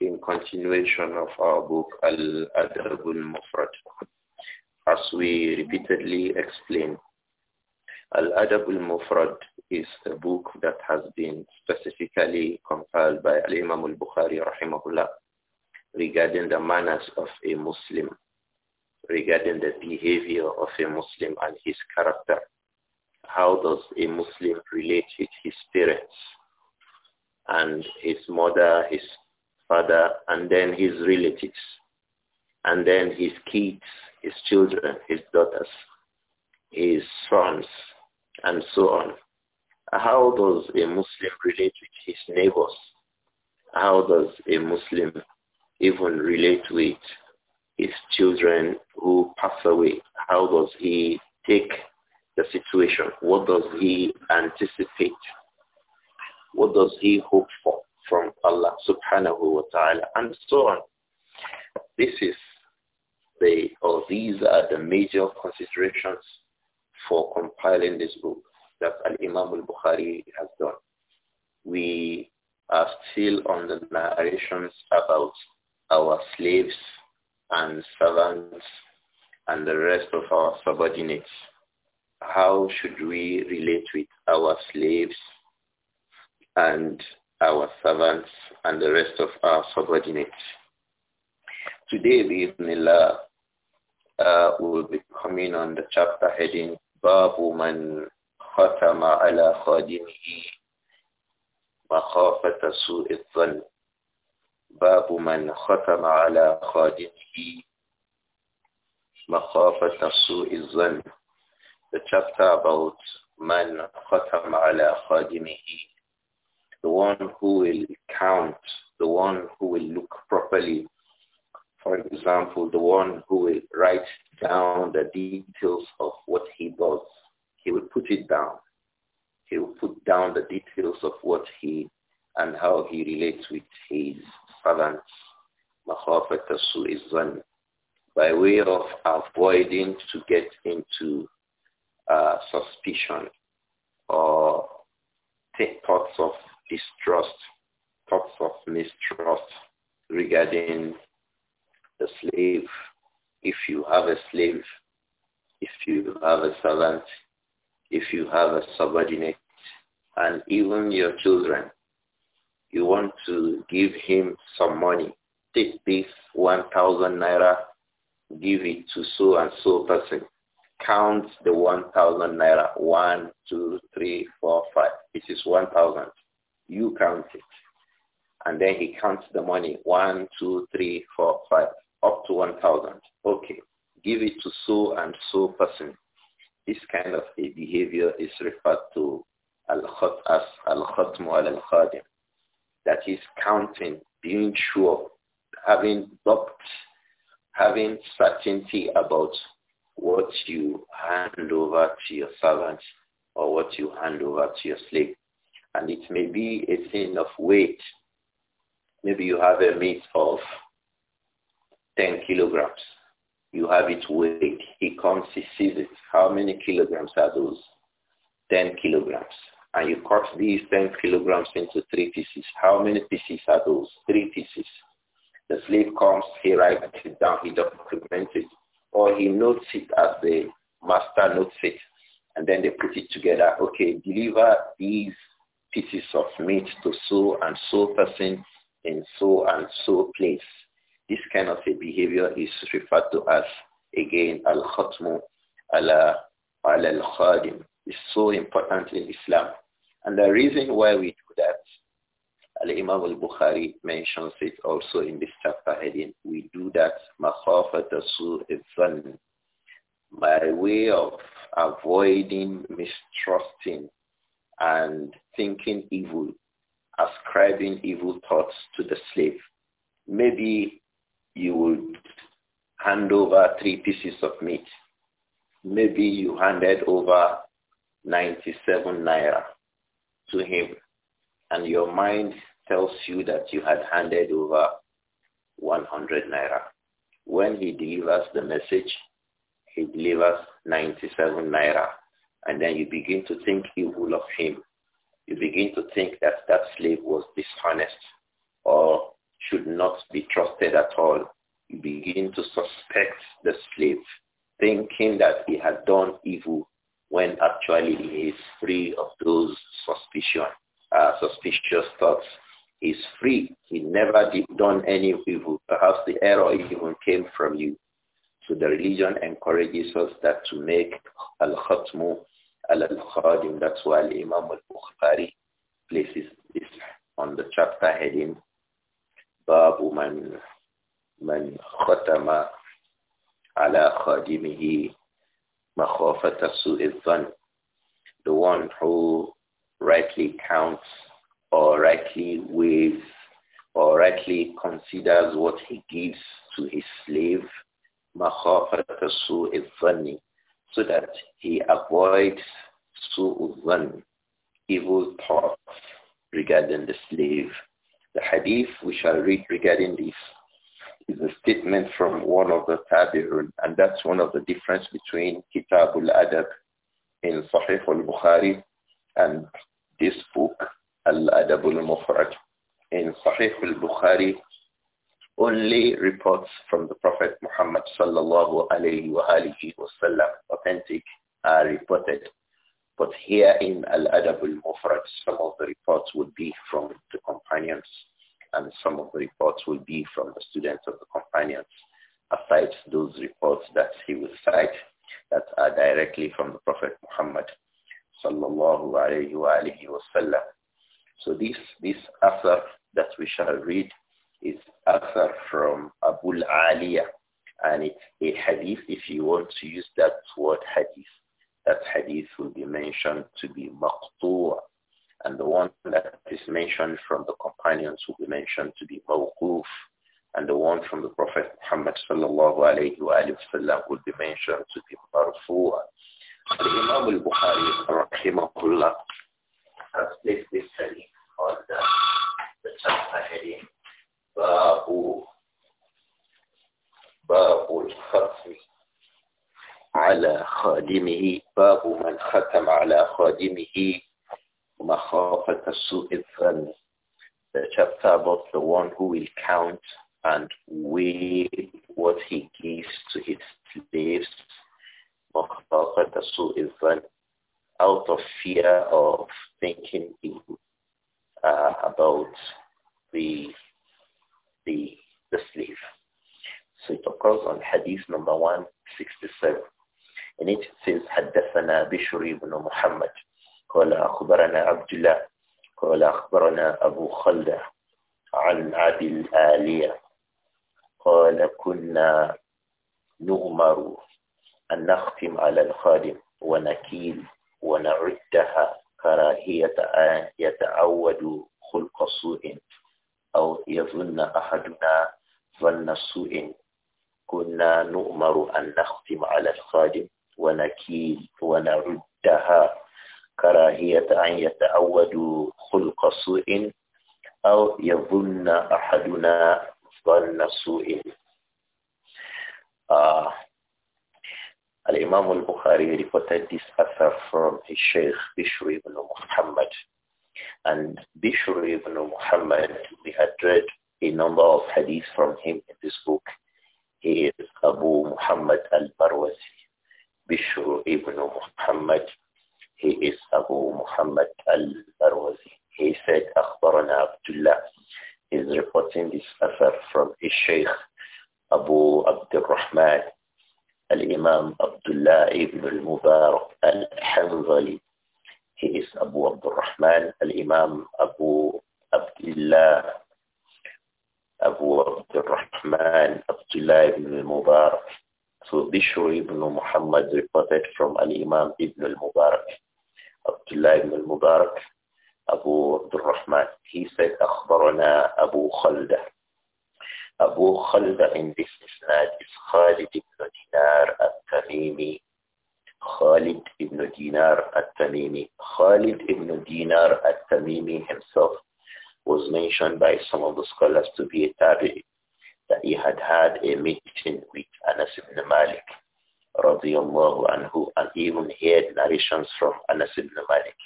in continuation of our book al Adabul mufrad As we repeatedly explain, al Adabul mufrad is a book that has been specifically compiled by Al-Imam al-Bukhari rahimahullah regarding the manners of a Muslim, regarding the behavior of a Muslim and his character. How does a Muslim relate with his parents and his mother, his father, and then his relatives, and then his kids, his children, his daughters, his sons, and so on. How does a Muslim relate with his neighbors? How does a Muslim even relate with his children who pass away? How does he take the situation? What does he anticipate? What does he hope for? from Allah subhanahu wa ta'ala and so on. This is the, or these are the major considerations for compiling this book that Al-Imam al-Bukhari has done. We are still on the narrations about our slaves and servants and the rest of our subordinates. How should we relate with our slaves and our servants, and the rest of our subordinates. Today, Bismillah, uh, uh, we'll be coming on the chapter heading Babu Man Khatama ala Khadimihi Makhafata Su'i Dhan Babu Man Khatama ala Khadimihi Makhafata Su'i Dhan The chapter about Man Khatama ala Khadimihi the one who will count, the one who will look properly. For example, the one who will write down the details of what he does. He will put it down. He will put down the details of what he and how he relates with his servants. By way of avoiding to get into uh, suspicion or take thoughts of distrust, thoughts of mistrust regarding the slave. If you have a slave, if you have a servant, if you have a subordinate, and even your children, you want to give him some money. Take this 1,000 naira, give it to so and so person. Count the 1,000 naira. One, two, three, four, five. It is 1,000. You count it. And then he counts the money. One, two, three, four, five, up to 1,000. Okay. Give it to so and so person. This kind of a behavior is referred to as al-khatmu al-khadim. That is counting, being sure, having doubt, having certainty about what you hand over to your servant or what you hand over to your slave and it may be a thing of weight. Maybe you have a meat of 10 kilograms. You have it weighed. He comes, he sees it. How many kilograms are those? 10 kilograms. And you cut these 10 kilograms into three pieces. How many pieces are those? Three pieces. The slave comes, he writes it down, he documents it, or he notes it as the master notes it, and then they put it together. Okay, deliver these pieces of meat to so and so person in so and so place. This kind of a behavior is referred to as, again, al-khatmu ala al-khadim. It's so important in Islam. And the reason why we do that, Al-Imam al-Bukhari mentions it also in this chapter heading, we do that makhafata by way of avoiding mistrusting and thinking evil, ascribing evil thoughts to the slave. Maybe you would hand over three pieces of meat. Maybe you handed over 97 naira to him and your mind tells you that you had handed over 100 naira. When he delivers the message, he delivers 97 naira and then you begin to think evil of him. You begin to think that that slave was dishonest or should not be trusted at all. You begin to suspect the slave, thinking that he has done evil when actually he is free of those suspicion, uh, suspicious thoughts. He's free. He never did done any evil. Perhaps the error even came from you. So the religion encourages us that to make al-khatmu al-khadim. That's why Imam al-Bukhari places this on the chapter heading Babu man, man khatama ala khadimihi makhafata su'idhan. The one who rightly counts or rightly weighs or rightly considers what he gives to his slave مَخَافَةَ سُوءِ الظَّنِّ so that he avoids سُوءُ الظَّنِّ evil thoughts regarding the slave. The hadith we shall read regarding this is a statement from one of the Tabi'un, and that's one of the difference between Kitabul adab in Sahih al-Bukhari and this book, Al-Adab al-Mufrad. In Sahih al-Bukhari, only reports from the Prophet Muhammad sallallahu alayhi wa alihi wasallam, authentic, are reported. But here in Al-Adab al-Mufrad, some of the reports would be from the companions and some of the reports will be from the students of the companions, aside those reports that he will cite that are directly from the Prophet Muhammad sallallahu alayhi wa alihi wasallam. So this, this asr that we shall read is Athar from Abu Aliyah. And it's a hadith, if you want to use that word hadith, that hadith will be mentioned to be maqtu'a. And the one that is mentioned from the companions will be mentioned to be mawquf. And the one from the Prophet Muhammad sallallahu alayhi wa sallam will be mentioned to be marfu'a. The Imam al-Bukhari rahimahullah has placed this hadith on Babu. Babu al-Khatmi. ala خادمه باب man ختم ala خادمه مخافة السوء الظن the chapter about the one who will count and weigh what he gives to his slaves مخافة al الظن out of fear of thinking evil uh, about the the, the slave. So it occurs on hadith number 167. In it says, حدثنا بشر بن محمد قال أخبرنا عبد الله قال أخبرنا أبو خلدة عن أبي الآلية قال كنا نؤمر أن نختم على الخادم ونكيل ونعدها كراهية أن يتعود خلق سوء أو يظن أحدنا ظن سوء كنا نؤمر أن نختم على الخادم ونكيل ونردها كراهية أن يتعودوا خلق سوء أو يظن أحدنا ظن سوء uh, Al-Imam al-Bukhari reported this affair from his Sheikh Bishri ibn Muhammad and Bishr ibn Muhammad, we had read a number of hadiths from him in this book. He is Abu Muhammad al-Barwazi. Bishr ibn Muhammad, he is Abu Muhammad al-Barwazi. He said, Akhbarana Abdullah is reporting this affair from his sheikh, Abu Abdul Rahman, الإمام عبد الله Mubarak al الحنظلي he is Abu Abdul Rahman, Al-Imam Abu Abdullah, Abu Abdul Rahman, Abdullah ibn al-Mubarak. So Bishr ibn Muhammad reported from Al-Imam ibn al-Mubarak, Abdullah ibn al-Mubarak, Abu Abdul Rahman. He said, أخبرنا أبو خلدة. أبو خلدة in this isnad is Khalid ibn Dinar al-Tamimi Khalid ibn Dinar al tamimi Khalid ibn Dinar at-Tamimi himself was mentioned by some of the scholars to be a tabi'i, that he had had a meeting with Anas ibn Malik, radiyallahu anhu, and even heard narrations from Anas ibn Malik.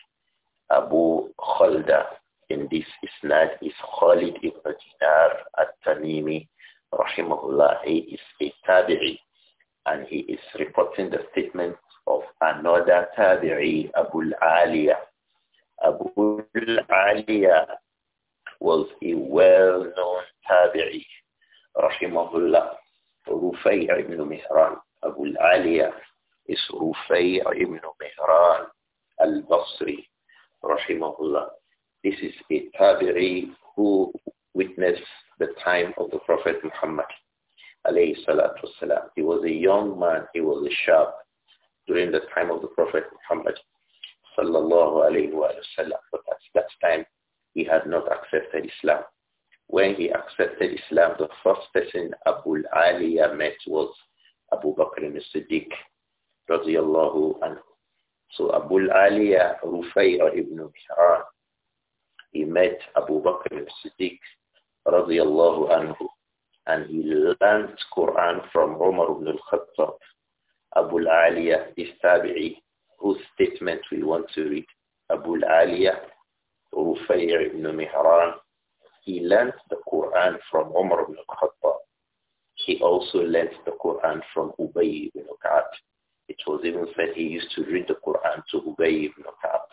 Abu Khalda in this isnad is Khalid ibn Dinar at-Tamimi, rahimahullah. He is a tabi'i, and he is reporting the statement of another Tabi'i, Abu al-Aliyah. Abu al-Aliyah was a well-known Tabi'i, rahimahullah, Rufay' ibn Mihran. Abu al-Aliyah is Rufay' ibn Mihran al-Basri, rahimahullah. This is a Tabi'i who witnessed the time of the Prophet Muhammad, He was a young man, he was a sharp, during the time of the Prophet Muhammad sallallahu alayhi wa sallam. But at that time, he had not accepted Islam. When he accepted Islam, the first person Abu Ali met was Abu Bakr as siddiq radiallahu anhu. So Abu Ali Rufay Ibn Mihran, he met Abu Bakr as siddiq radiallahu anhu and he learned Quran from Umar ibn al-Khattab Abu Aliyah this Tabi'i, whose statement we want to read. Abu Aliyah, Rufayr ibn Mihran, he learned the Quran from Umar ibn Khattab. He also learned the Quran from Ubay ibn Ka'ab. It was even said he used to read the Quran to Ubay ibn Ka'ab,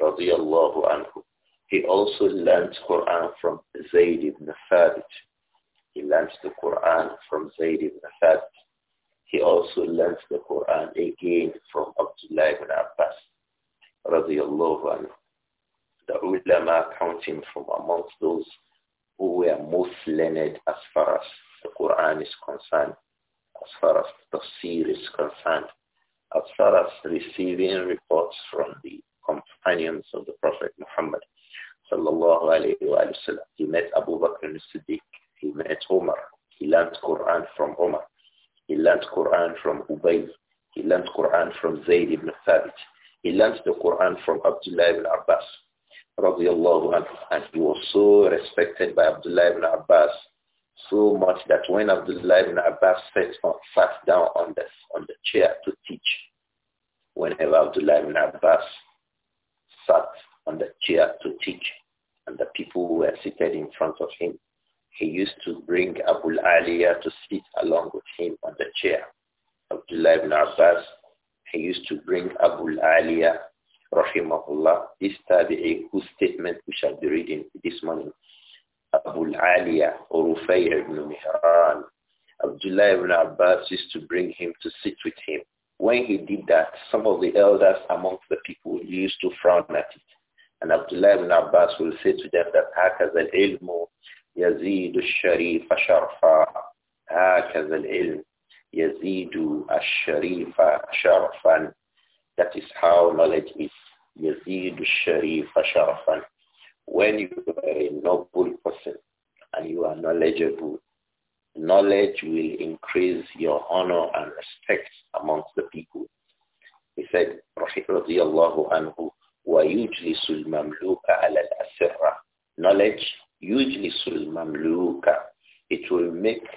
radiyallahu anhu. He also learned Quran from Zayd ibn Thabit. He learned the Quran from Zayd ibn Thabit. He also learnt the Quran again from Abdullah ibn Abbas, radiallahu anhu. The ulama count him from amongst those who were most learned as far as the Quran is concerned, as far as the tafsir is concerned, as far as receiving reports from the companions of the Prophet Muhammad sallallahu alayhi wa sallam. He met Abu Bakr al-Siddiq. He met Umar. He learned Quran from Umar. He learned Quran from Ubay. He learned Quran from Zayd ibn Thabit. He learned the Quran from Abdullah ibn Abbas. and he was so respected by Abdullah ibn Abbas so much that when Abdullah ibn Abbas sat, on, sat down on the, on the chair to teach, whenever Abdullah ibn Abbas sat on the chair to teach and the people were seated in front of him, he used to bring Abu Aliyah to sit along with him on the chair. Abdullah ibn Abbas, he used to bring Abu Aliyah, rahimahullah, this tabi'i whose statement we shall be reading this morning. Abu Aliyah, Rufayr ibn Mihran, Abdullah ibn Abbas used to bring him to sit with him. When he did that, some of the elders amongst the people used to frown at it. And Abdullah ibn Abbas will say to them that هكذا العلم يزيد الشريف شرفا هكذا العلم يزيد الشريف شرفا That is how knowledge is. يزيد الشريف شرفا When you are a noble person and you are knowledgeable, knowledge will increase your honor and respect amongst the people. He said, رضي الله عنه ويجلس المملوك على الأسرة Knowledge make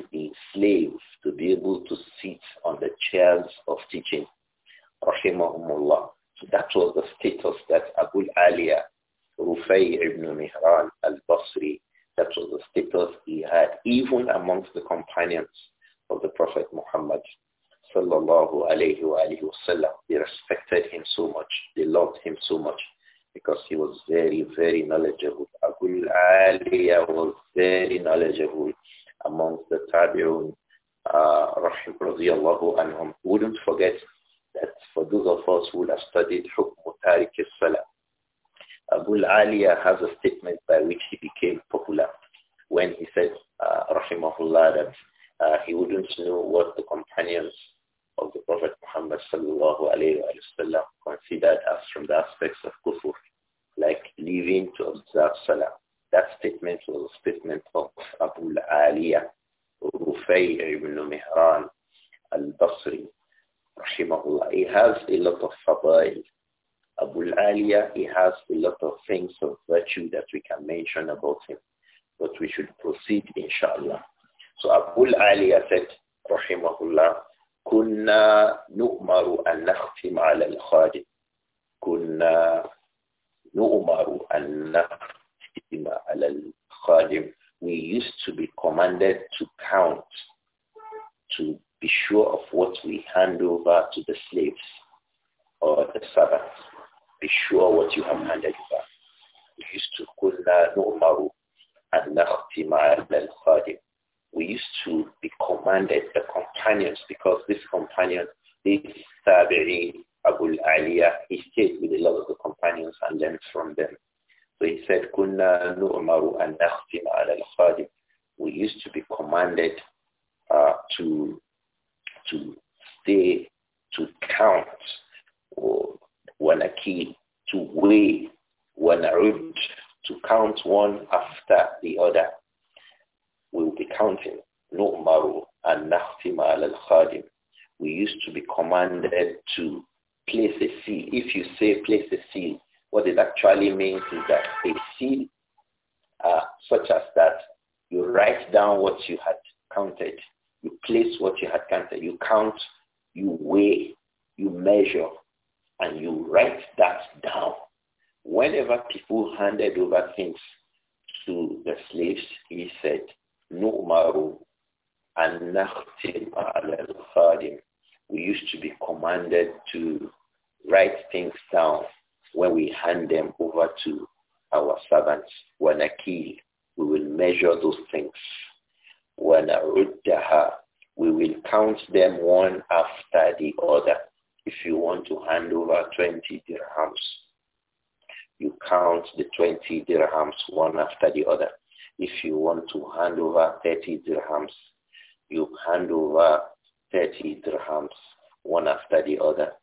said, We used to be commanded uh, to, to stay, to count, or to weigh, وَنَعُدْ, to count one after the other. We will be counting. نُؤْمَرُ أَنْ نَخْتِمَ al-khadim. We used to be commanded to place a seal. If you say place a seal, what it actually means is that a seed uh, such as that, you write down what you had counted, you place what you had counted, you count, you weigh, you measure, and you write that down. Whenever people handed over things to the slaves, he said, "No al-khadim. We used to be commanded to write things down when we hand them over to our servants. وَنَكِيلُ We will measure those things. وَنَعُدَّهَا We will count them one after the other. If you want to hand over 20 dirhams, you count the 20 dirhams one after the other. If you want to hand over 30 dirhams, you hand over 30 dirhams one after the other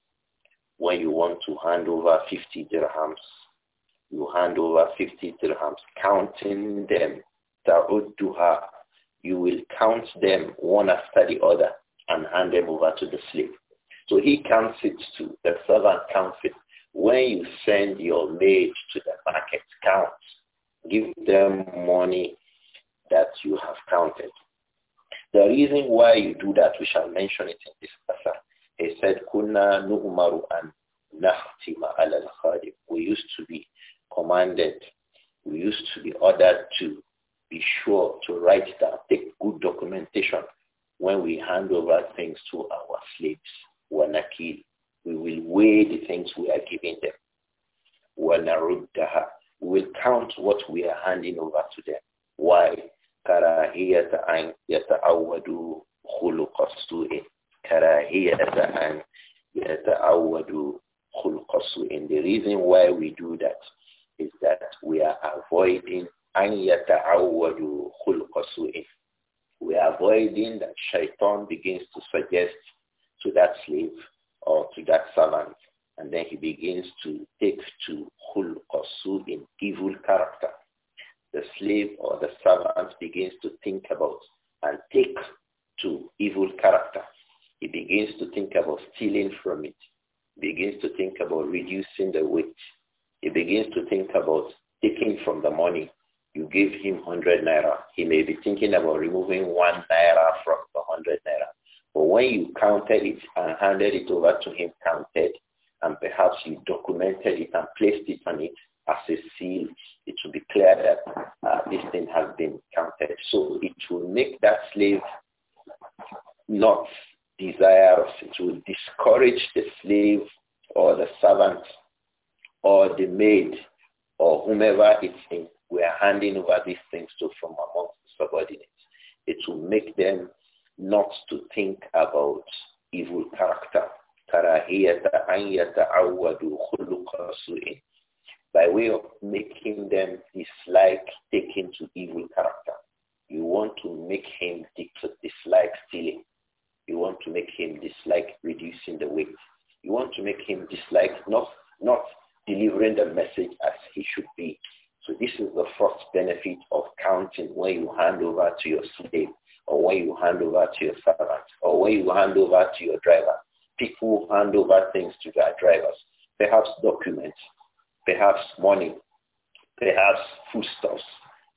when you want to hand over 50 dirhams, you hand over 50 dirhams, counting them. You will count them one after the other and hand them over to the slave. So he counts it too. The servant counts it. When you send your maid to the market, count. Give them money that you have counted. The reason why you do that, we shall mention it in this passage he said, Kunna nu'maru an nahtima al We used to be commanded, we used to be ordered to be sure to write down, take good documentation when we hand over things to our slaves. Wanakil. We will weigh the things we are giving them. We will count what we are handing over to them. Why? كراهية أن يتعود خلق And the reason why we do that is that we are avoiding أن يتعود خلق سوء. We are avoiding that shaitan begins to suggest to that slave or to that servant and then he begins to take to خلق in evil character. The slave or the servant begins to think about and take to evil character. He begins to think about stealing from it. begins to think about reducing the weight. He begins to think about taking from the money. You give him 100 naira. He may be thinking about removing one naira from the 100 naira. But when you counted it and handed it over to him counted, and perhaps you documented it and placed it on it as a seal, it will be clear that uh, this thing has been counted. So it will make that slave not desire of it will discourage the slave or the servant or the maid or whomever it's in. We are handing over these things to from amongst the subordinates. It will make them not to think about evil character. By way of making them dislike taking to evil character. You want to make him dislike stealing you want to make him dislike reducing the weight. You want to make him dislike not, not delivering the message as he should be. So this is the first benefit of counting when you hand over to your slave or when you hand over to your servant or when you hand over to your driver. People hand over things to their drivers, perhaps documents, perhaps money, perhaps foodstuffs,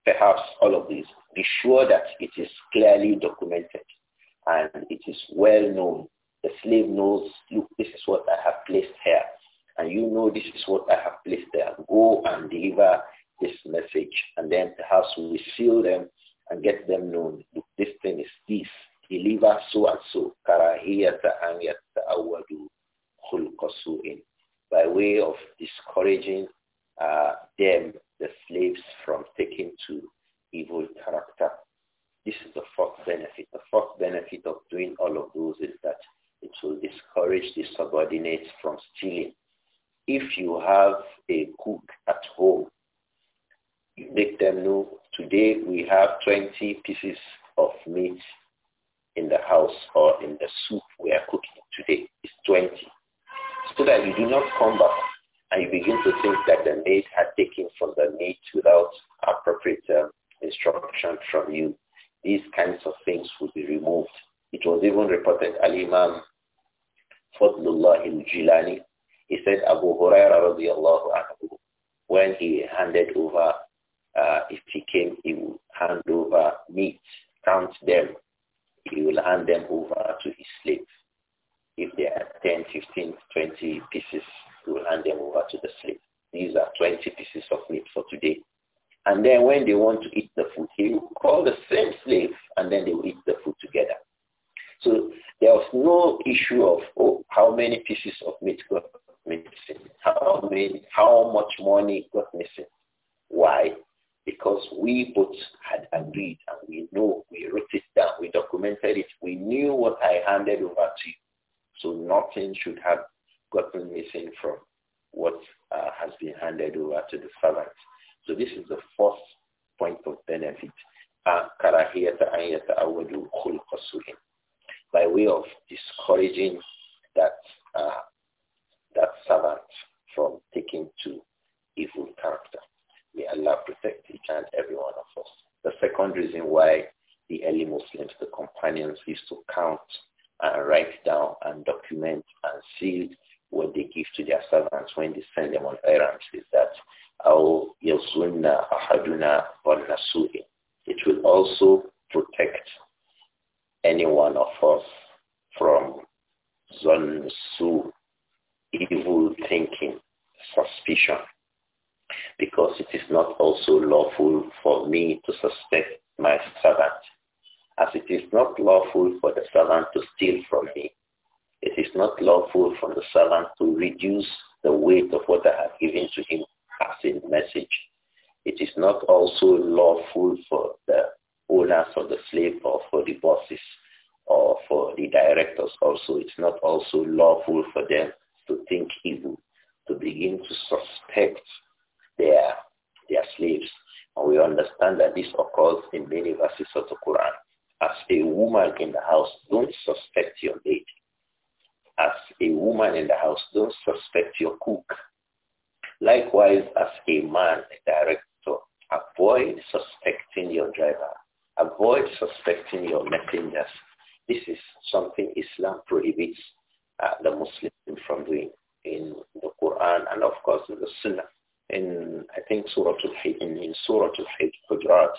perhaps all of these. Be sure that it is clearly documented well known. The slave knows got missing. Why? Because we both had agreed and we know, we wrote it down, we documented it, we knew what I handed over to you. So nothing should have gotten missing from what uh, has been handed over to the servant. So this is the first point of benefit. By way of discouraging that uh, that servant from taking to evil character. May Allah protect each and every one of us. The second reason why the early Muslims, the companions, used to count and write down and document and seal what they give to their servants when they send them on errands is that it will also protect any one of us from zonsu, evil thinking, suspicion because it is not also lawful for me to suspect my servant, as it is not lawful for the servant to steal from me. It is not lawful for the servant to reduce the weight of what I have given to him as a message. It is not also lawful for the owners of the slave or for the bosses or for the directors also. It's not also lawful for them to think evil, to begin to suspect their, their slaves. And we understand that this occurs in many verses of the Quran. As a woman in the house, don't suspect your maid. As a woman in the house, don't suspect your cook. Likewise, as a man, a director, avoid suspecting your driver. Avoid suspecting your messengers. This is something Islam prohibits uh, the Muslim from doing in the Quran and of course in the Sunnah. think Surah Al-Hijj, in Surah Al-Hijj, Hujurat,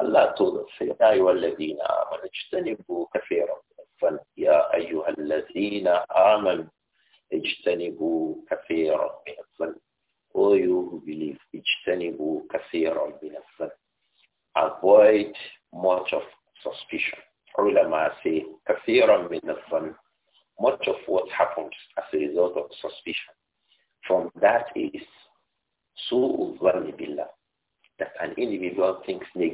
Allah told us, يا أيها الذين آمنوا اجتنبوا كثيرا يا أيها الذين آمنوا اجتنبوا كثيرا من الظن Oh, you who believe, اجتنبوا كثيرا من الظن Avoid much of suspicion. Ulama say, كثيرا من الظن things they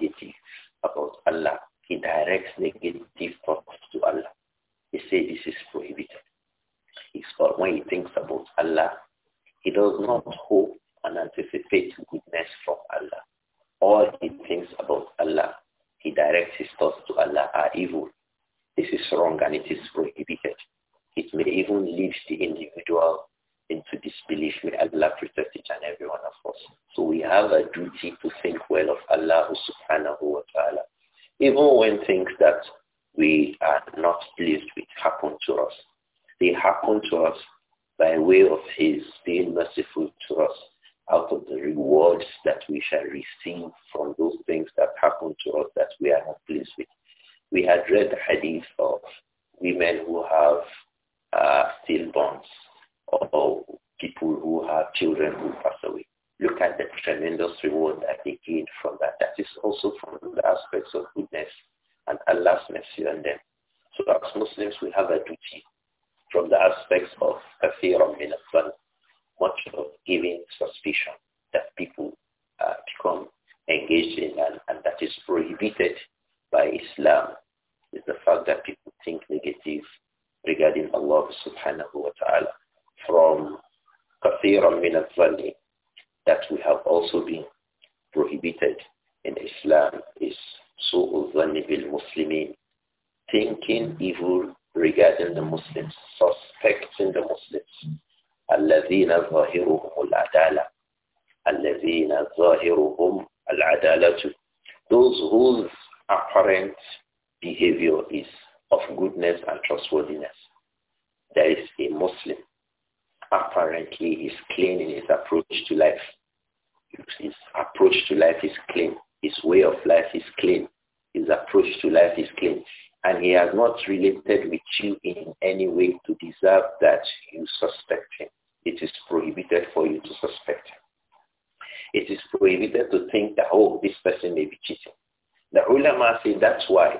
that we have also been prohibited in Islam is so dhanni bil muslimin, thinking evil regarding the Muslims, suspecting the Muslims. الذين ظاهرهم العدالة الذين ظاهرهم العدالة Those whose apparent behavior is of goodness and trustworthiness. There is a Muslim. Apparently, is clean in his approach to life his approach to life is clean. His way of life is clean. His approach to life is clean. And he has not related with you in any way to deserve that you suspect him. It is prohibited for you to suspect him. It is prohibited to think that, oh, this person may be cheating. The ulama say that's why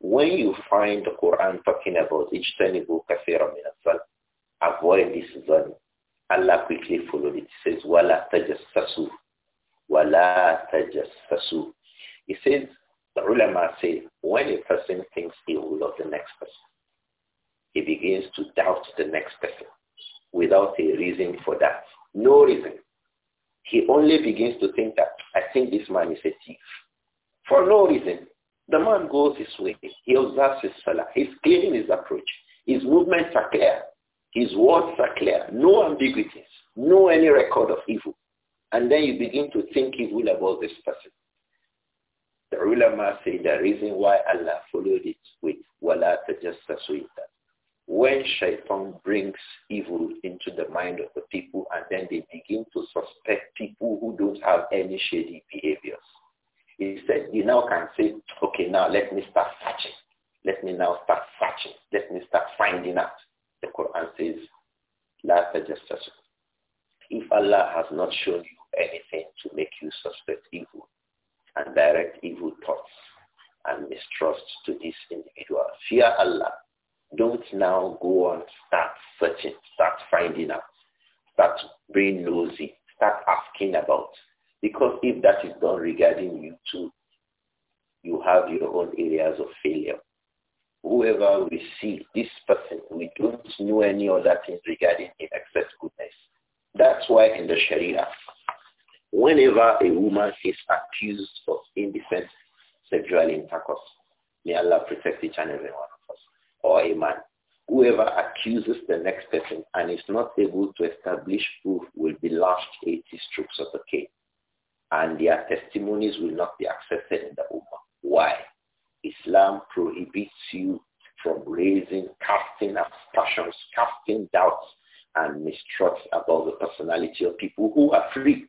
when you find the Quran talking about اجتنبوا كثيرا من الظلم, avoid this zone. Allah quickly followed it. It says, وَلَا تَجَسَّسُوا وَلَا تَجَسَّسُوا He says, the ulama say, when a person thinks will of the next person, he begins to doubt the next person without a reason for that. No reason. He only begins to think that, I think this man is a thief. For no reason. The man goes his way. He observes his salah. He's clean in his approach. His movements are clear. His words are clear. No ambiguities. No any record of evil. And then you begin to think evil about this person. The ulama say the reason why Allah followed it with wala tajassasu when shaitan brings evil into the mind of the people and then they begin to suspect people who don't have any shady behaviors. He said, you now can say, okay, now let me start searching. Let me now start searching. Let me start finding out. The Quran says, La tajassasu. If Allah has not shown you anything to make you suspect evil and direct evil thoughts and mistrust to this individual. Fear Allah. Don't now go and start searching, start finding out, start being nosy, start asking about. Because if that is done regarding you too, you have your own areas of failure. Whoever we see, this person, we don't know any other thing regarding him except goodness. That's why in the Sharia, Whenever a woman is accused of indecent sexual intercourse, may Allah protect each and every one of us, or a man, whoever accuses the next person and is not able to establish proof will be lashed 80 strokes of the cane. And their testimonies will not be accepted in the Ummah. Why? Islam prohibits you from raising, casting aspersions, casting doubts and mistrust about the personality of people who are free.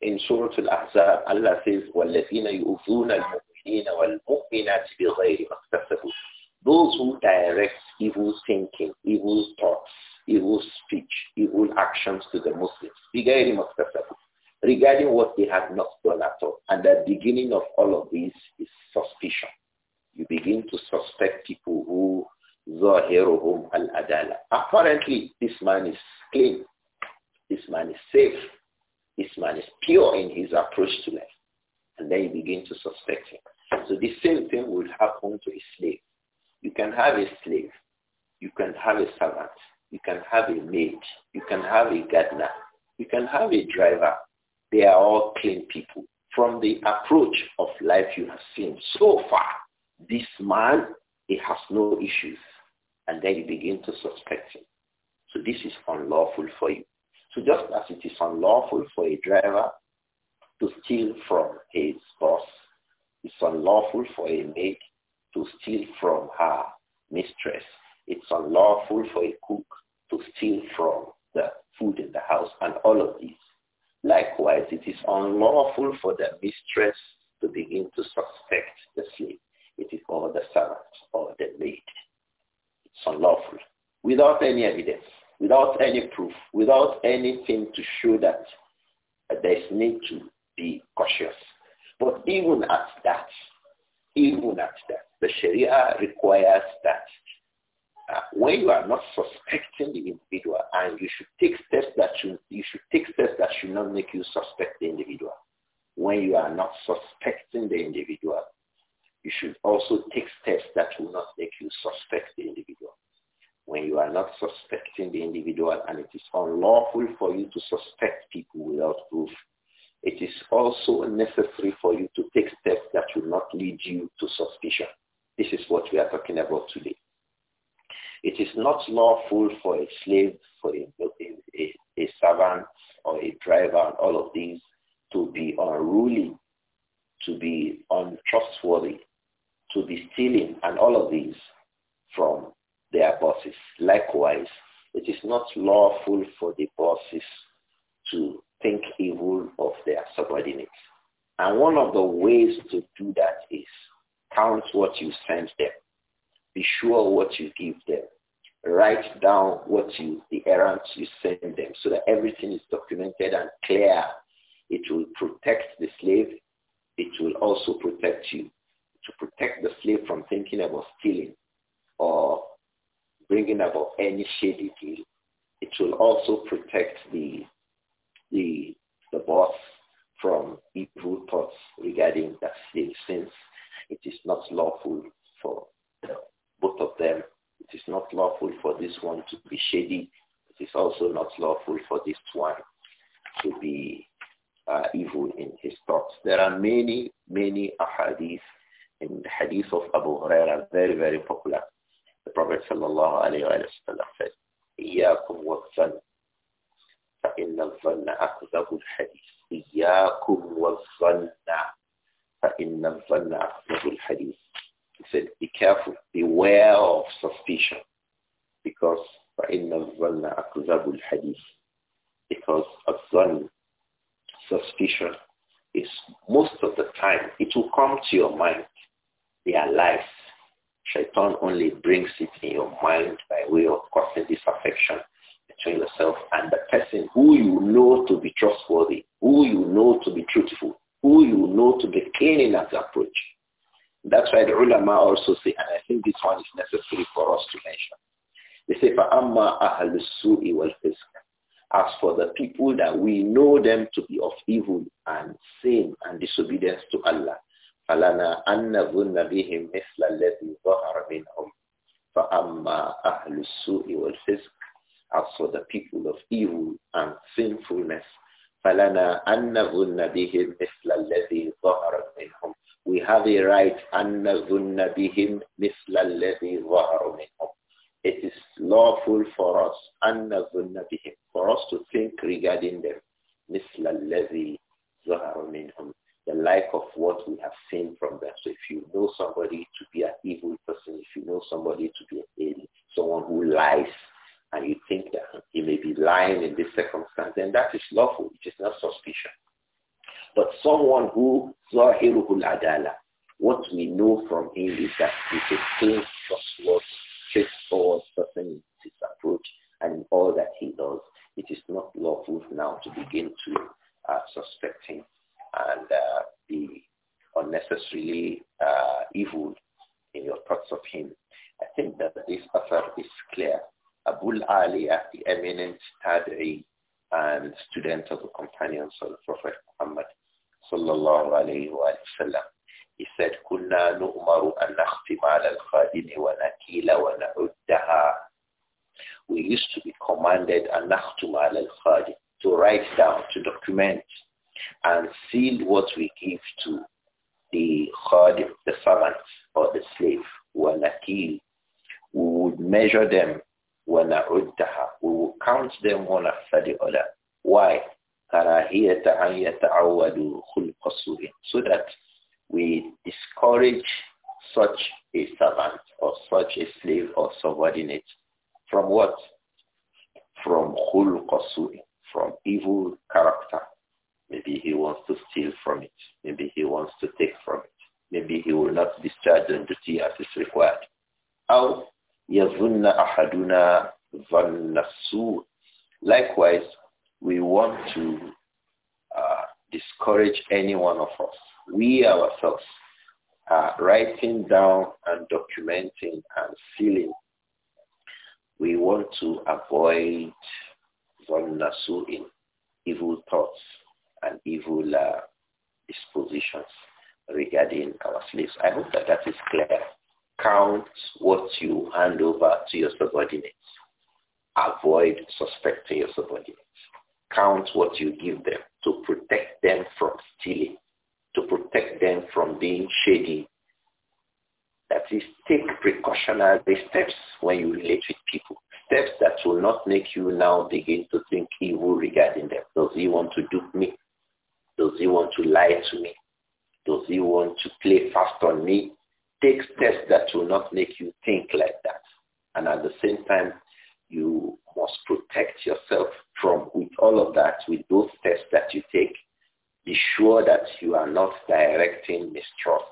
In Surah Al-Ahzab, Allah says, وَالَّذِينَ يُؤْذُونَ الْمُؤْمِنِينَ وَالْمُؤْمِنَاتِ بِغَيْرِ مَكْتَسَبُوا Those who direct evil thinking, evil thoughts, evil speech, evil actions to the Muslims, بِغَيْرِ مَكْتَسَبُوا regarding what they have not done at all. And the beginning of all of this is suspicion. You begin to suspect people who ظَاهِرُهُمْ al-adala. Apparently, this man is clean. This man is safe. This man is pure in his approach to life. And then you begin to suspect him. So the same thing will happen to a slave. You can have a slave. You can have a servant. You can have a maid. You can have a gardener. You can have a driver. They are all clean people. From the approach of life you have seen so far, this man, he has no issues. And then you begin to suspect him. So this is unlawful for you. So just as it is unlawful for a driver to steal from his boss, it's unlawful for a maid to steal from her mistress. It's unlawful for a cook to steal from the food in the house and all of these. Likewise, it is unlawful for the mistress to begin to suspect the slave. It is for the servant or the maid. It's unlawful without any evidence without any proof, without anything to show that there's need to be cautious. But even at that, even at that, the Sharia requires that uh, when you are not suspecting the individual and you should take steps that you should take steps that should not make you suspect the individual. When you are not suspecting the individual, you should also take steps that will not make you suspect the individual when you are not suspecting the individual and it is unlawful for you to suspect people without proof. It is also necessary for you to take steps that will not lead you to suspicion. This is what we are talking about today. It is not lawful for a slave, for a, a, a servant or a driver and all of these to be unruly, to be untrustworthy, to be stealing and all of these from their bosses. Likewise, it is not lawful for the bosses to think evil of their subordinates. And one of the ways to do that is count what you send them. Be sure what you give them. Write down what you, the errands you send them so that everything is documented and clear. It will protect the slave. It will also protect you. To protect the slave from thinking about stealing or bringing about any shady deal. It will also protect the, the, the boss from evil thoughts regarding that slave since it is not lawful for both of them. It is not lawful for this one to be shady. It is also not lawful for this one to be uh, evil in his thoughts. There are many, many ahadith in the hadith of Abu Huraira, very, very popular. صلى الله عليه وآله وسلم said إياكم والفن فإن الظن أكذب الحديث إياكم والظن فإن الظن أكذب الحديث we know them to be of evil and sin and disobedience to Allah. فَلَنَا أَنَّ بِهِمْ مِثْلَ الَّذِي ظَهَرَ مِنْهُمْ فَأَمَّا أَهْلُ السُّوءِ وَالْفِسْقِ As for the people of evil and sinfulness, فَلَنَا أَنَّ بِهِمْ مِثْلَ الَّذِي ظَهَرَ مِنْهُمْ We have a right أَنَّ بِهِمْ circumstance, then that is lawful. It is not suspicion. But someone who zahiruhul adala, what we know from him is that he is a clean, trustworthy, straightforward person in his approach and in all that he does. It is not lawful now to begin Notre them. Count what you give them to protect them from stealing, to protect them from being shady. That is, take precautionary steps when you relate with people. Steps that will not make you now begin to think evil regarding them. Does he want to dupe me? Does he want to lie to me? Does he want to play fast on me? Take steps that will not make you think like that. And at the same time, sure that you are not directing mistrust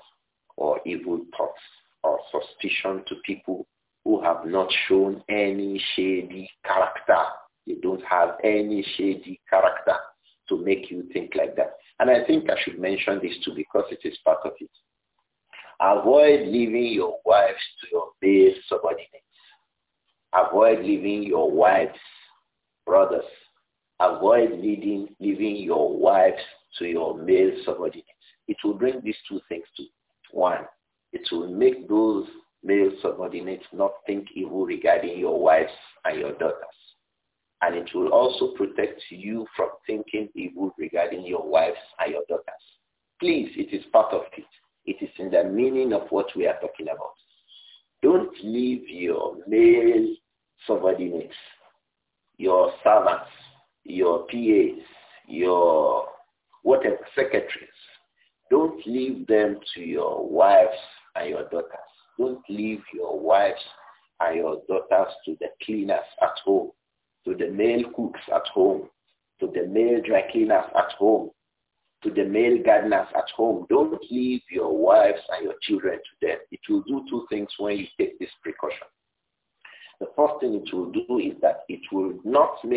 or evil thoughts or suspicion to people who have not shown any shady character. They don't have any shady character to make you think like that. And I think I should mention this too because it is part of it. Avoid leaving your wives to your base subordinates. Avoid leaving your wives regarding your wife's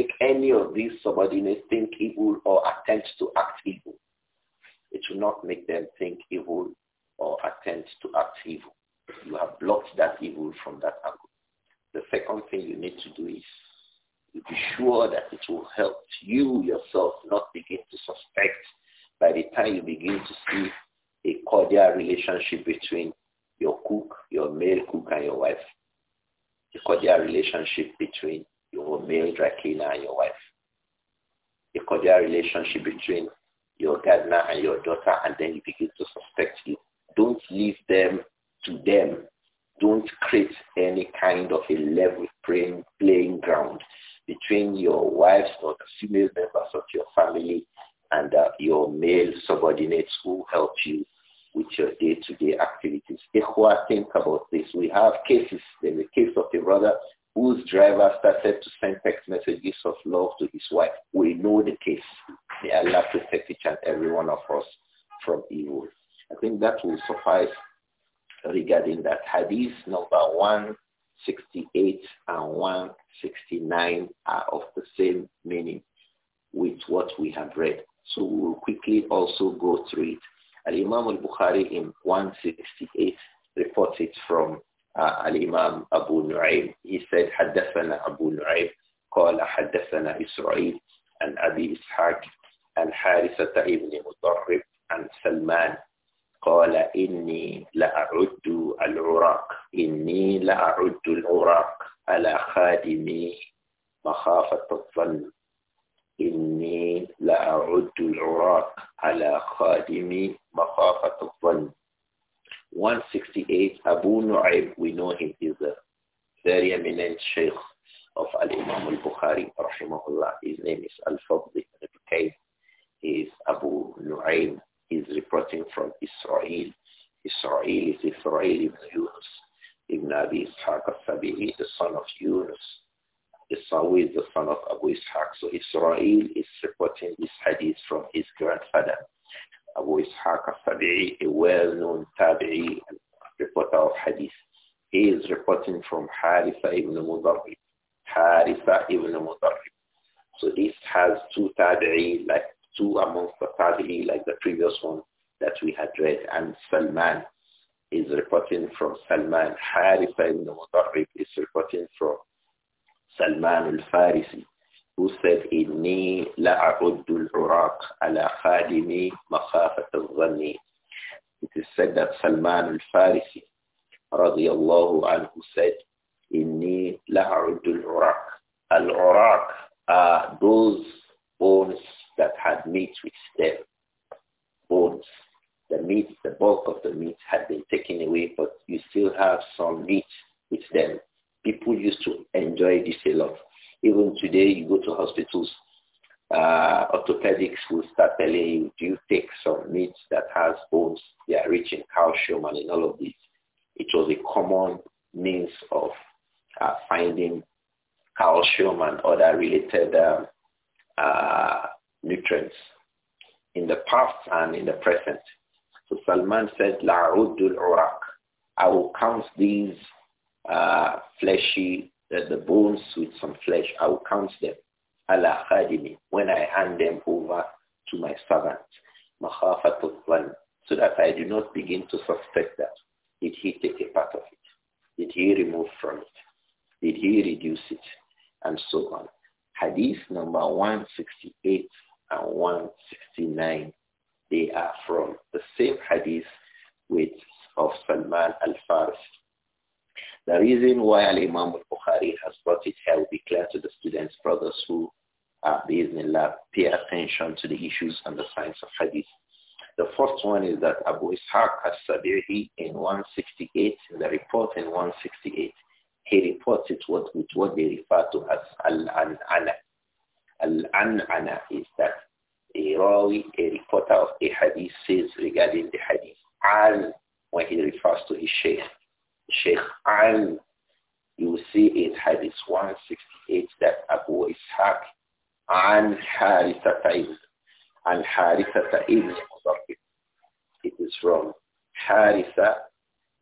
make any of these subordinates think evil or attempt to act evil. It will not make them think evil or attempt to act evil. You have blocked that evil from that angle. The second thing you need to do is be sure that it will help you yourself not begin to suspect by the time you begin to see a cordial relationship between your cook, your male cook and your wife. A cordial relationship between your male dry cleaner and your wife, a cordial relationship between your gardener and your daughter, and then you begin to suspect you. Don't leave them to them. Don't create any kind of a level playing, playing ground between your wives or the female members of your family and uh, your male subordinates who help you with your day-to-day activities. If you think about this. We have cases, in the case of a brother whose driver started to send text messages of love to his wife. We know the case. May Allah protect each and every one of us from evil. I think that will suffice regarding that. Hadith number 168 and 169 are of the same meaning with what we have read. So we'll quickly also go through it. Al-Imam al-Bukhari in 168 reports it from الإمام أبو نعيم يسيد حدثنا أبو نعيم قال حدثنا إسرائيل عن أبي إسحاق عن حارثة ابن مضرب عن سلمان قال إني لأعد العراق إني لأعد العراق على خادمي مخافة الظن إني لأعد العراق على خادمي مخافة الظن 168, Abu Nu'aym, we know him, is a very eminent sheikh of Al-Imam al-Bukhari, rahimahullah. His name is Al-Fadli al-Bukayr. He is Abu Nu'aym. He's is reporting from Israel. Israel is Israel ibn Yunus, ibn Abi Ishaq al-Sabi'i, the son of Yunus. Isawi is the son of Abu Ishaq. So Israel is reporting this hadith from his grandfather, Abu Ishaq al-Sabi'i, a well-known Tabi'i reporter of hadith. He is reporting from Haritha ibn Mudarrib. Haritha ibn Mudarrib. So this has two Tabi'i, like two amongst the Tabi'i, like the previous one that we had read, and Salman is reporting from Salman. Haritha ibn Mudarrib is reporting from Salman al-Farisi who said, Inni la'a'uddul uraq ala khadimi makhafat al-ghani. It is said that Salman al-Farisi, radiyallahu anhu, said, Inni la'a'uddul uraq. Al-uraq are those bones that had meat with them. Bones. The meat, the bulk of the meat had been taken away, but you still have some meat with them. People used to enjoy this a lot even today, you go to hospitals, uh, orthopedics will start telling you, do you take some meat that has bones, they are rich in calcium and in all of this. It was a common means of uh, finding calcium and other related um, uh, nutrients in the past and in the present. So Salman said, La urak. I will count these uh, fleshy that the bones with some flesh, I will count them. Allah khadimi, when I hand them over to my servant. Makhafatul so that I do not begin to suspect that. Did he take a part of it? Did he remove from it? Did he reduce it? And so on. Hadith number 168 and 169, they are from the same hadith with of Salman al-Farsi. The reason why imam al-Bukhari has brought it here will be clear to the students, brothers who, are the lab. pay attention to the issues and the science of hadith. The first one is that Abu Ishaq al-Sabiri in 168, in the report in 168, he reports it with, with what they refer to as al-an'ana. Al-an'ana is that a rawi, a reporter of a hadith says regarding the hadith, al, when he refers to his shaykh. Sheikh Al, you will see in Hadith 168 that Abu Ishaq An Harithata ibn An Harithata ibn Mudarrib. It is from Haritha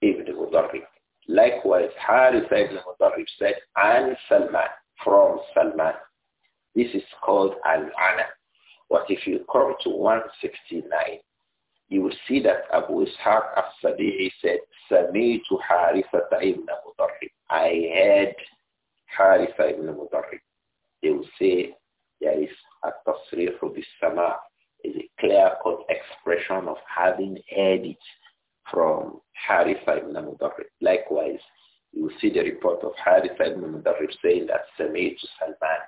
ibn Mudarrib. Likewise, Haritha ibn Mudarrib said An Salman, from Salman. This is called Al-Ana. But if you come to 169, you will see that Abu Ishaq al-Sabi'i said, Samitu Harithata ibn Mudarrib. I heard Haritha ibn Mudarrib. They will say, there is a tasrifu bisama, is a clear-cut expression of having heard it from Haritha ibn Mudarrib. Likewise, you will see the report of Haritha ibn Mudarrib saying that Samitu Salman.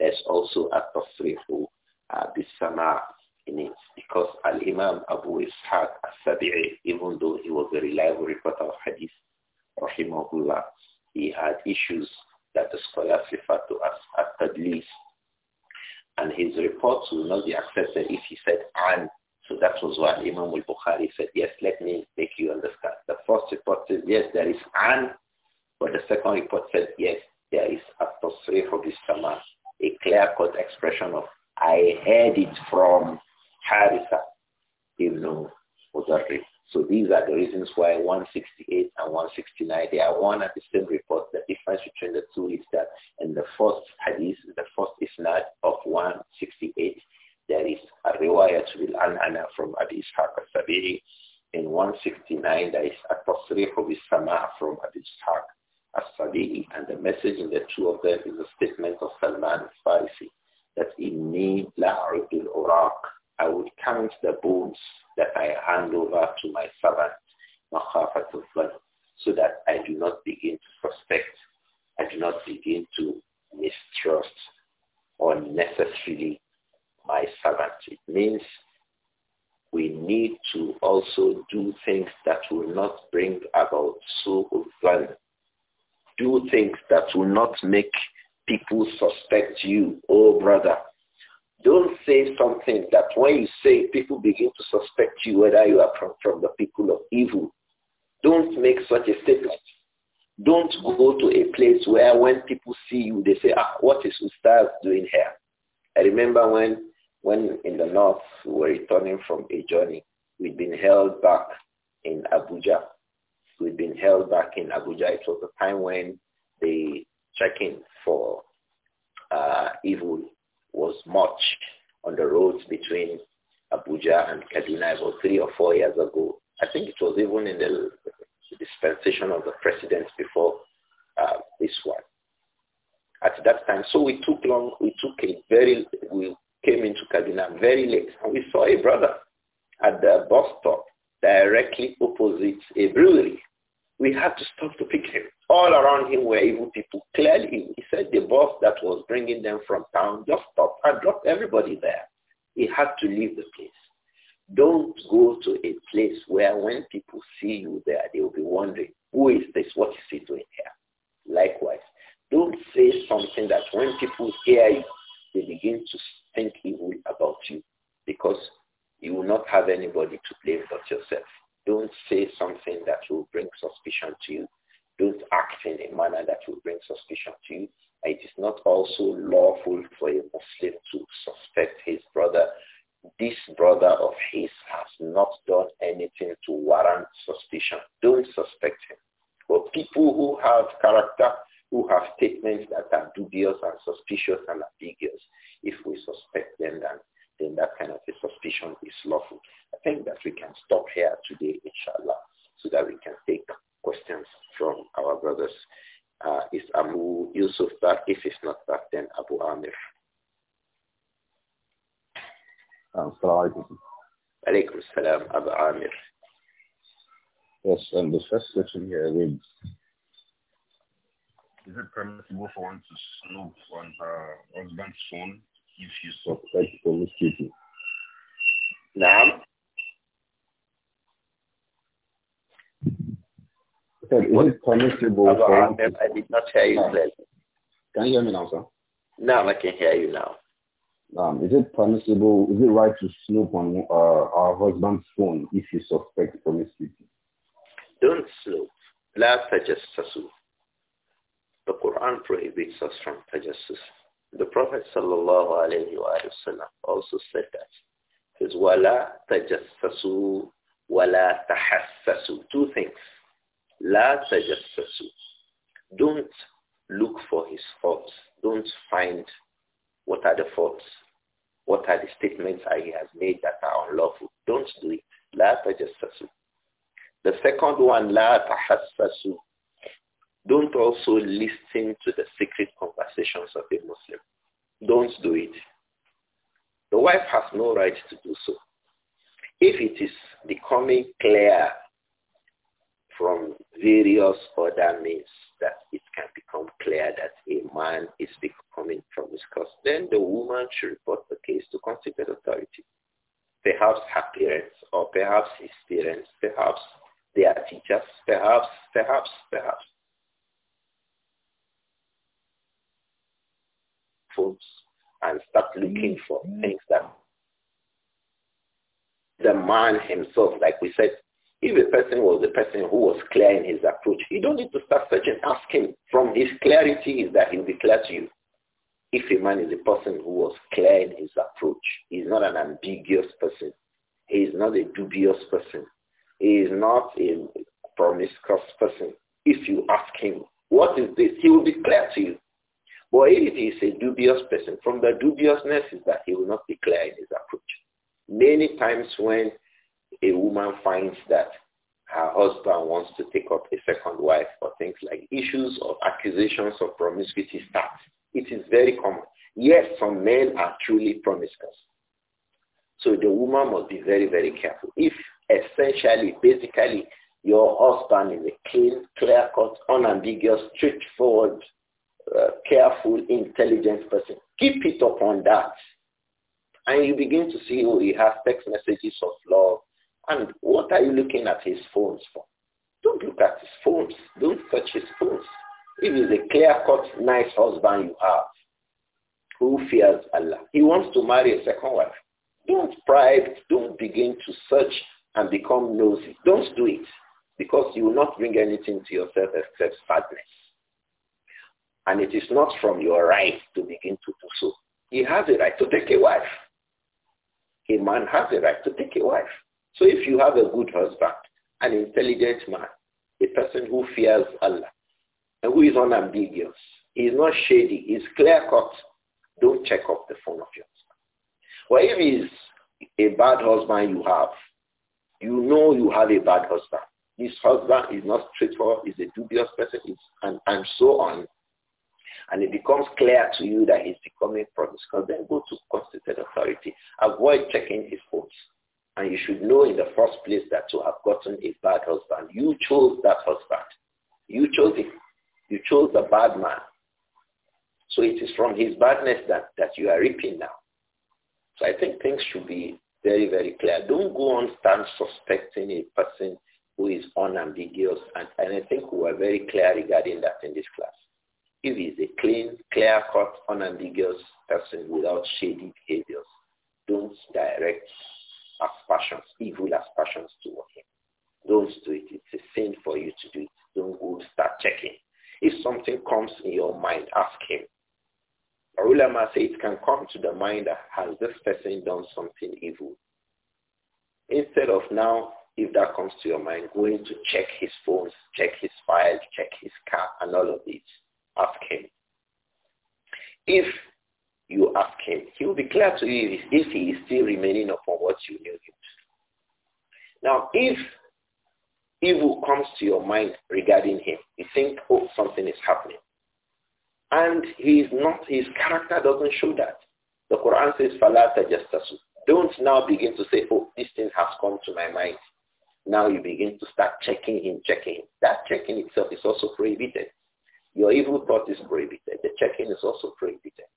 There's also a tasrifu uh, bisama, in it because Al-Imam Abu Ishaq al-Sabi'i, even though he was a reliable reporter of hadith, rahimahullah, he had issues that the scholars refer to as at-tadlis. And his reports will not be accepted if he said an. So that was why Imam al-Bukhari said, yes, let me make you understand. The first report says, yes, there is an, but the second report said, yes, there is a tasrih of Islam, a clear-cut expression of I heard it from Harisa ibn Muzarrib. So these are the reasons why 168 and 169, they are one and the same report. The difference between the two is that in the first hadith, the first isnad of 168, there is a riwayat al anana from Abi Ishaq al In 169, there is a tasrihu of sama' from Abi Ishaq al And the message in the two of them is a statement of Salman al-Farisi that inni la uraq I would count the bones that I hand over to my servant, so that I do not begin to suspect, I do not begin to mistrust unnecessarily my servant. It means we need to also do things that will not bring about su'ul Do things that will not make people suspect you, oh brother, don't say something that when you say people begin to suspect you whether you are from, from the people of evil. Don't make such a statement. Don't go to a place where when people see you, they say, ah, what is Ustaz doing here? I remember when, when in the north we were returning from a journey, we'd been held back in Abuja. We'd been held back in Abuja. It was a time when the checking for uh, evil was much on the roads between Abuja and Kaduna about three or four years ago. I think it was even in the dispensation of the president before uh, this one. At that time, so we took long, we took a very, we came into Kaduna very late and we saw a brother at the bus stop directly opposite a brewery we had to stop to pick him. All around him were evil people. Clearly, he said the boss that was bringing them from town just stopped and dropped everybody there. He had to leave the place. Don't go to a place where when people see you there, they will be wondering, who is this? What is he doing here? Likewise, don't say something that when people hear you, they begin to think evil about you because you will not have anybody to blame but yourself. Don't say something that will bring suspicion to you. Don't act in a manner that will bring suspicion to you. It is not also lawful for a Muslim to suspect his brother. This brother of his has not done anything to warrant suspicion. Don't suspect him. But people who have character, who have statements that are dubious and suspicious and ambiguous, if we suspect them, then then that kind of a suspicion is lawful. I think that we can stop here today, inshallah, so that we can take questions from our brothers. Uh, is Abu Yusuf back? If he's not back, then Abu Amir. Um, Assalamu Alaykum salam, Abu Amir. Yes, and the first question here reads, is it permissible for one to snoop on her uh, husband's phone if you suspect promiscuity. Now, said, is it permissible Abu for Amir, I did not hear you clearly. Can you hear me now, sir? Now I can hear you now. Um, is it permissible, is it right to snoop on uh, our husband's phone if you suspect promiscuity? Don't snoop. La tajassasu. The Quran prohibits us from tajassus. The Prophet sallallahu also said that. He says, tajassasu, تَجَسَّسُوا وَلَا Two things. La tajassasu. تَجَسَّسُوا Don't look for his faults. Don't find what are the faults. What are the statements that he has made that are unlawful. Don't do it. La tajassasu. The second one, La تحسسوا تَحَسَّسُوا Don't also list давайте person who was clear in his approach. He's not an ambiguous person. He is not a dubious person. He is not a promiscuous person. If you ask him, what is this? He will be clear to you. But if he is a dubious person, from the dubiousness is that he will not be clear in his approach. Many times when must be very, very careful. If essentially, basically, your husband is a clean, clear-cut, unambiguous, straightforward, uh, careful, intelligent person, keep it up on that. And you begin to see, oh, he has text messages of love. And what are you looking at his phones for? Don't look at his phones. Don't touch his phones. If he's a clear-cut, nice husband you have, who fears Allah, he wants to marry a second wife. Don't bribe, don't begin to search and become nosy. Don't do it because you will not bring anything to yourself except sadness. And it is not from your right to begin to do so. He has a right to take a wife. A man has a right to take a wife. So if you have a good husband, an intelligent man, a person who fears Allah, and who is unambiguous, he is not shady, he is clear-cut, don't check off the phone of your Whatever if a bad husband you have, you know you have a bad husband. This husband is not straightforward, is a dubious person, and, and so on. And it becomes clear to you that he's becoming promiscuous, then go to constituted authority. Avoid checking his phones. And you should know in the first place that to have gotten a bad husband, you chose that husband. You chose him. You chose the bad man. So it is from his badness that, that you are reaping now. So I think things should be very, very clear. Don't go on stand suspecting a person who is unambiguous. And, and I think we were very clear regarding that in this class. If he's a clean, clear-cut, unambiguous person without shady behaviors, don't direct aspersions, evil aspersions toward him. Don't do it. It's a sin for you to do it. Don't go start checking. If something comes in your mind, ask him. Ulama say it can come to the mind, that has this person done something evil? Instead of now, if that comes to your mind, going to check his phones, check his files, check his car, and all of this, ask him. If you ask him, he will be clear to you if he is still remaining upon what you knew him to. Now, if evil comes to your mind regarding him, you think, oh, something is happening. And he is not, his character doesn't show that. The Quran says, فَلَا تَجَسَّسُوا Don't now begin to say, oh, this thing has come to my mind. Now you begin to start checking him, checking him. That checking itself is also prohibited. Your evil thought is prohibited. The checking is also prohibited.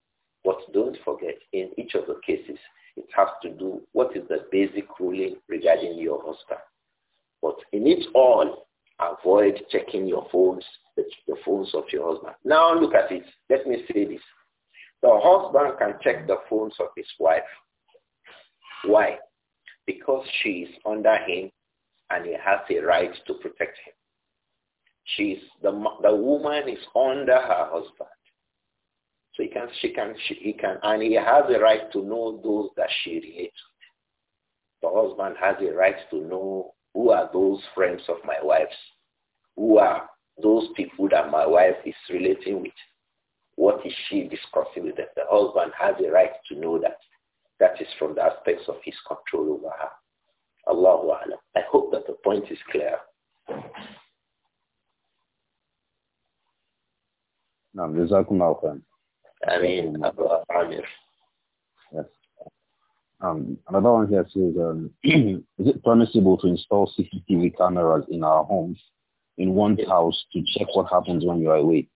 But don't forget, in each of the cases, it has to do what is the basic ruling regarding your husband. But in it all, avoid checking your phones, the, the phones of your husband. Now look at it. Let me say this. The husband can check the phones of his wife. Why? Because she is under him and he has a right to protect him. She's the, the woman is under her husband. So he can, she can, she, he can, and he has a right to know those that she relates with. The husband has a right to know who are those friends of my wife's, who are those people that my wife is relating with, what is she discussing with them? The husband has a right to know that. That is from the aspects of his control over her. Allahu Alam. I hope that the point is clear. نعم جزاكم الله Yes. Um, another one here says, um, is it permissible to install CCTV cameras in our homes in one's house to check what happens when you are away.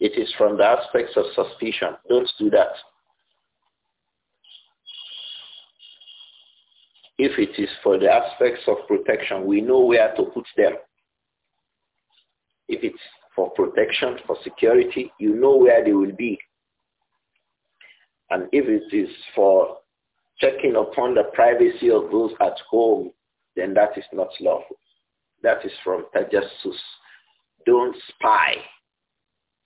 It is from the aspects of suspicion. Don't do that. If it is for the aspects of protection, we know where to put them. If it's for protection, for security, you know where they will be. And if it is for checking upon the privacy of those at home, then that is not lawful. That is from tajassus. Don't spy.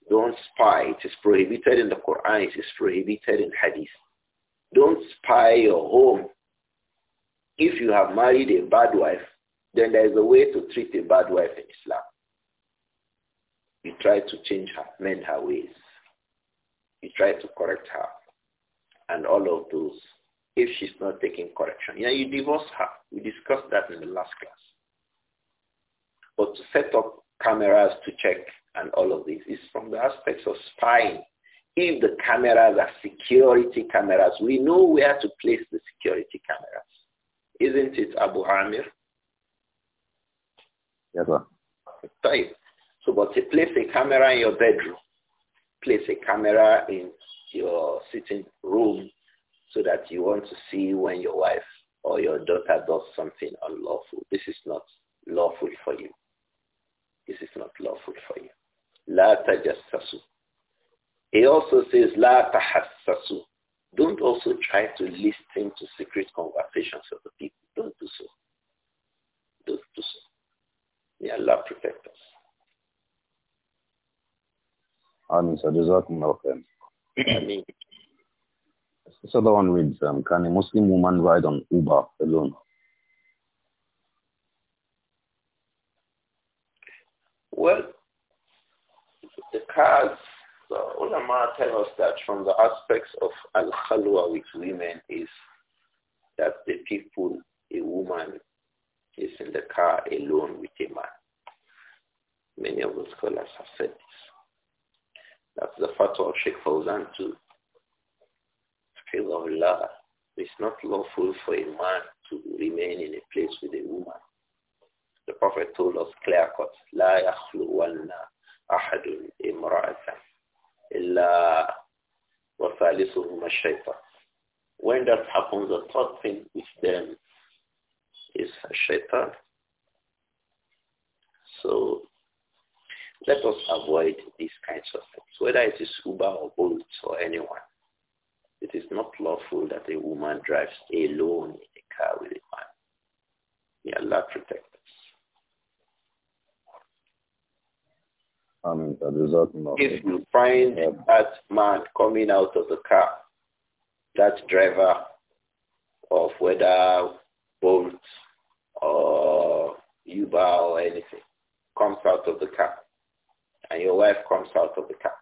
Don't spy. It is prohibited in the Quran. It is prohibited in Hadith. Don't spy your home. If you have married a bad wife, then there is a way to treat a bad wife in Islam. You try to change her, mend her ways. You try to correct her. And all of those, if she's not taking correction. Yeah, you divorce her. We discussed that in the last class. But to set up cameras to check and all of this is from the aspects of spying. If the cameras are security cameras, we know where to place the security cameras. Isn't it Abu Amir? Yes, sir. Right. So, but to place a camera in your bedroom, place a camera in your sitting room so that you want to see when your wife or your daughter does something unlawful. This is not lawful for you. This is not lawful for you. La tajassasu. He also says, La tahassasu. Don't also try to listen to secret conversations of the people. Don't do so. Don't do so. May Allah protect us. Amin. So jazakumullah khair. So the one reads, um, can a Muslim woman ride on Uber alone? Well, the cars, the ulama tell us that from the aspects of al-khalwa with women is that the people, a woman is in the car alone with a man. Many of the scholars have said this. That's the fatwa of Sheikh Fawzan too. It's not lawful for a man to remain in a place with a woman. The Prophet told us clear cut, لا يخلون أحد امرأة إلا وثالثهما الشيطان. When that happens, the third thing with them is shaitan. So let us avoid these kinds of things, whether it is Uber or Bolt or anyone. It is not lawful that a woman drives alone in a car with a man. May Allah protect. Amen. If you find that man coming out of the car, that driver of whether Bolt or Uber or anything comes out of the car and your wife comes out of the car,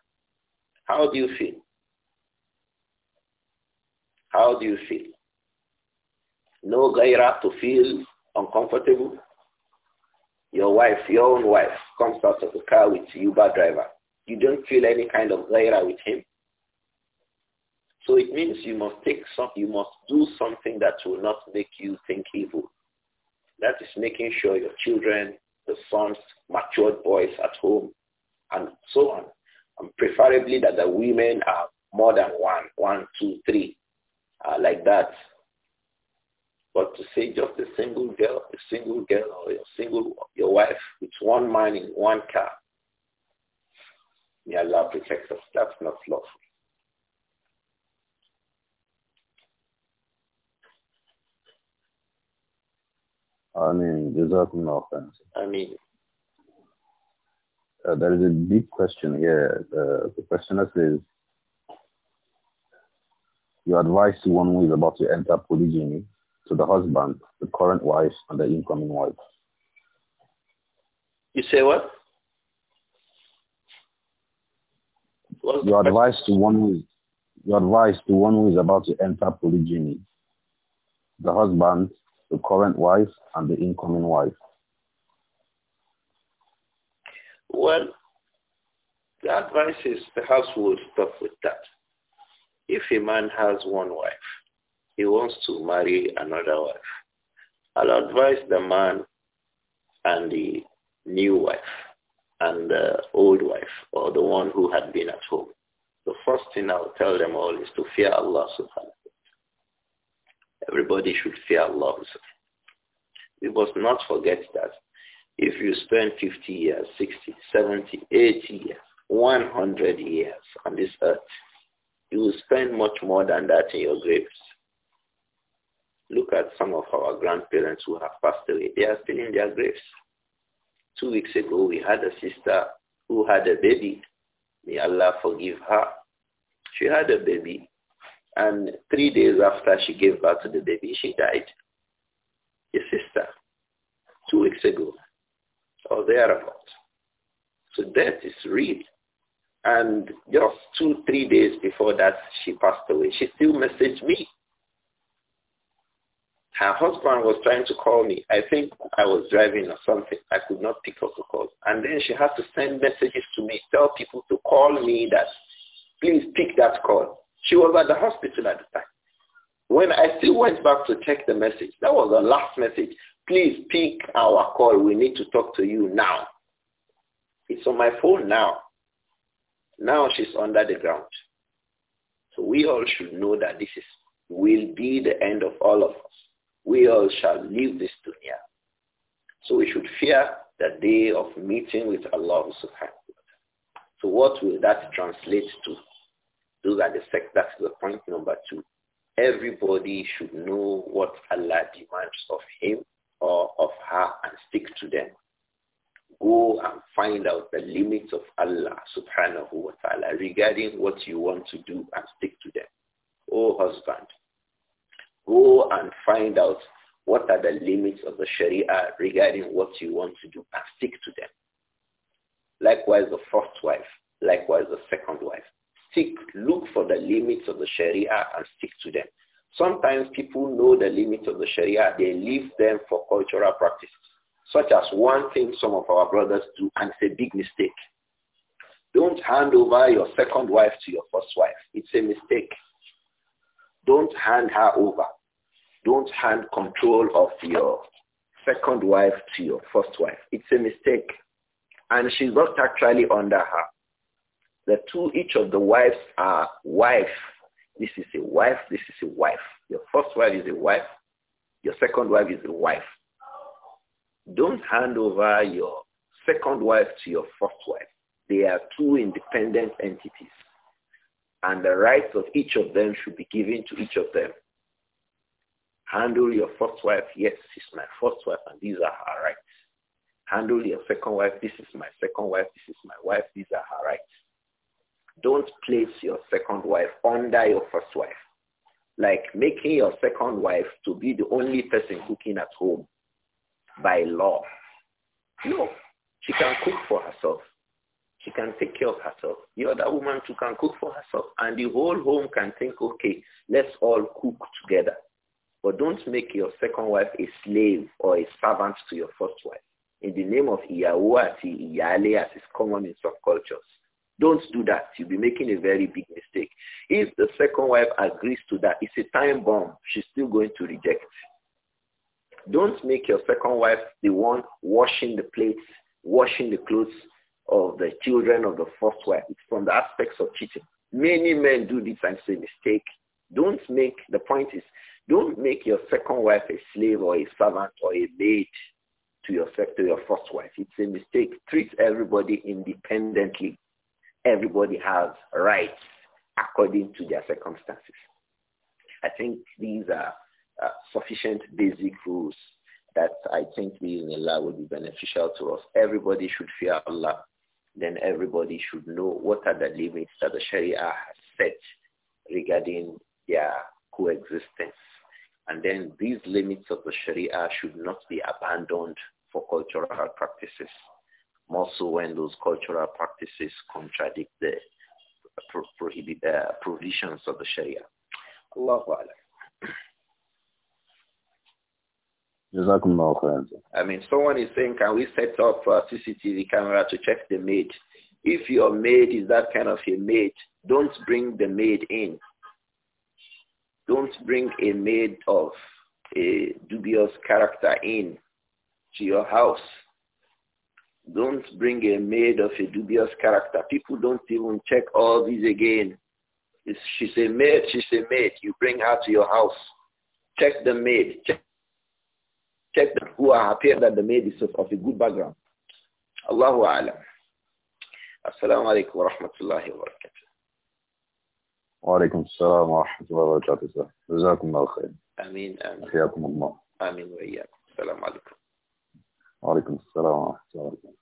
how do you feel? How do you feel? No gaira to feel uncomfortable? Your wife, your own wife, comes out of the car with the Uber driver. You don't feel any kind of ghaira with him. So it means you must take some, you must do something that will not make you think evil. That is making sure your children, the sons, matured boys at home, and so on. And preferably that the women are more than one, one, two, three, uh, like that. But to say just a single girl, a single girl, or your single your wife with one man in one car, yeah, love protect us. That's not lawful. I mean, Jazakumullah offense. I mean, uh, there is a deep question here. Uh, the questioner says, "Your advice to one who is about to enter polygyny to the husband, the current wife and the incoming wife? You say what? What's your advice question? to one who is, your advice to one who is about to enter polygyny, the husband, the current wife, and the incoming wife. Well, the advice is the husband will stop with that. If a man has one wife he wants to marry another wife. I'll advise the man and the new wife and the old wife or the one who had been at home. The first thing I'll tell them all is to fear Allah subhanahu wa ta'ala. Everybody should fear Allah. We must not forget that if you spend 50 years, 60, 70, 80 years, 100 years on this earth, you will spend much more than that in your graves. Look at some of our grandparents who have passed away. They are still in their graves. Two weeks ago, we had a sister who had a baby. May Allah forgive her. She had a baby. And three days after she gave birth to the baby, she died. Your sister. Two weeks ago. Or thereabouts. So death is real. And just two, three days before that, she passed away. She still messaged me her husband was trying to call me. I think I was driving or something. I could not pick up the call. And then she had to send messages to me, tell people to call me that, please pick that call. She was at the hospital at the time. When I still went back to check the message, that was the last message. Please pick our call. We need to talk to you now. It's on my phone now. Now she's under the ground. So we all should know that this is will be the end of all of us we all shall leave this dunya. So we should fear the day of meeting with Allah subhanahu wa ta'ala. So what will that translate to? Those are the sec that's the point number two. Everybody should know what Allah demands of him or of her and stick to them. Go and find out the limits of Allah subhanahu wa ta'ala regarding what you want to do and stick to them. oh, husband, Go and find out what are the limits of the Sharia regarding what you want to do and stick to them. Likewise, the first wife. Likewise, the second wife. Stick, look for the limits of the Sharia and stick to them. Sometimes people know the limits of the Sharia. They leave them for cultural practices, such as one thing some of our brothers do, and it's a big mistake. Don't hand over your second wife to your first wife. It's a mistake. Don't hand her over. Don't hand control of your second wife to your first wife. It's a mistake. And she's not actually under her. The two, each of the wives are wife. This is a wife, this is a wife. Your first wife is a wife. Your second wife is a wife. Don't hand over your second wife to your first wife. They are two independent entities and the rights of each of them should be given to each of them. Handle your first wife, yes, she's my first wife, and these are her rights. Handle your second wife, this is my second wife, this is my wife, these are her rights. Don't place your second wife under your first wife. Like making your second wife to be the only person cooking at home by law. No, she can cook for herself. She can take care of herself. The other woman too can cook for herself. And the whole home can think, okay, let's all cook together. But don't make your second wife a slave or a servant to your first wife. In the name of Iyawati, Iyale, as is common in subcultures, Don't do that. You'll be making a very big mistake. If the second wife agrees to that, it's a time bomb. She's still going to reject. Don't make your second wife the one washing the plates, washing the clothes, of the children of the first wife. It's from the aspects of cheating. Many men do this and say mistake. Don't make, the point is, don't make your second wife a slave or a servant or a maid to your, to your first wife. It's a mistake. Treat everybody independently. Everybody has rights according to their circumstances. I think these are uh, sufficient basic rules that I think, Allah will be beneficial to us. Everybody should fear Allah then everybody should know what are the limits that the Sharia has set regarding their coexistence. And then these limits of the Sharia should not be abandoned for cultural practices, more so when those cultural practices contradict the prohibited uh, provisions of the Sharia. Allahu Akbar. I mean, someone is saying, can we set up a CCTV camera to check the maid? If your maid is that kind of a maid, don't bring the maid in. Don't bring a maid of a dubious character in to your house. Don't bring a maid of a dubious character. People don't even check all these again. she's a maid, she's a maid. You bring her to your house. Check the maid. Check check that who are happier than the maid is of a good background. Allahu A'lam. Assalamu alaikum wa rahmatullahi wa barakatuh. وعليكم السلام ورحمة الله وبركاته جزاكم الله خير آمين آمين حياكم الله آمين وإياكم السلام عليكم وعليكم السلام ورحمة الله وبركاته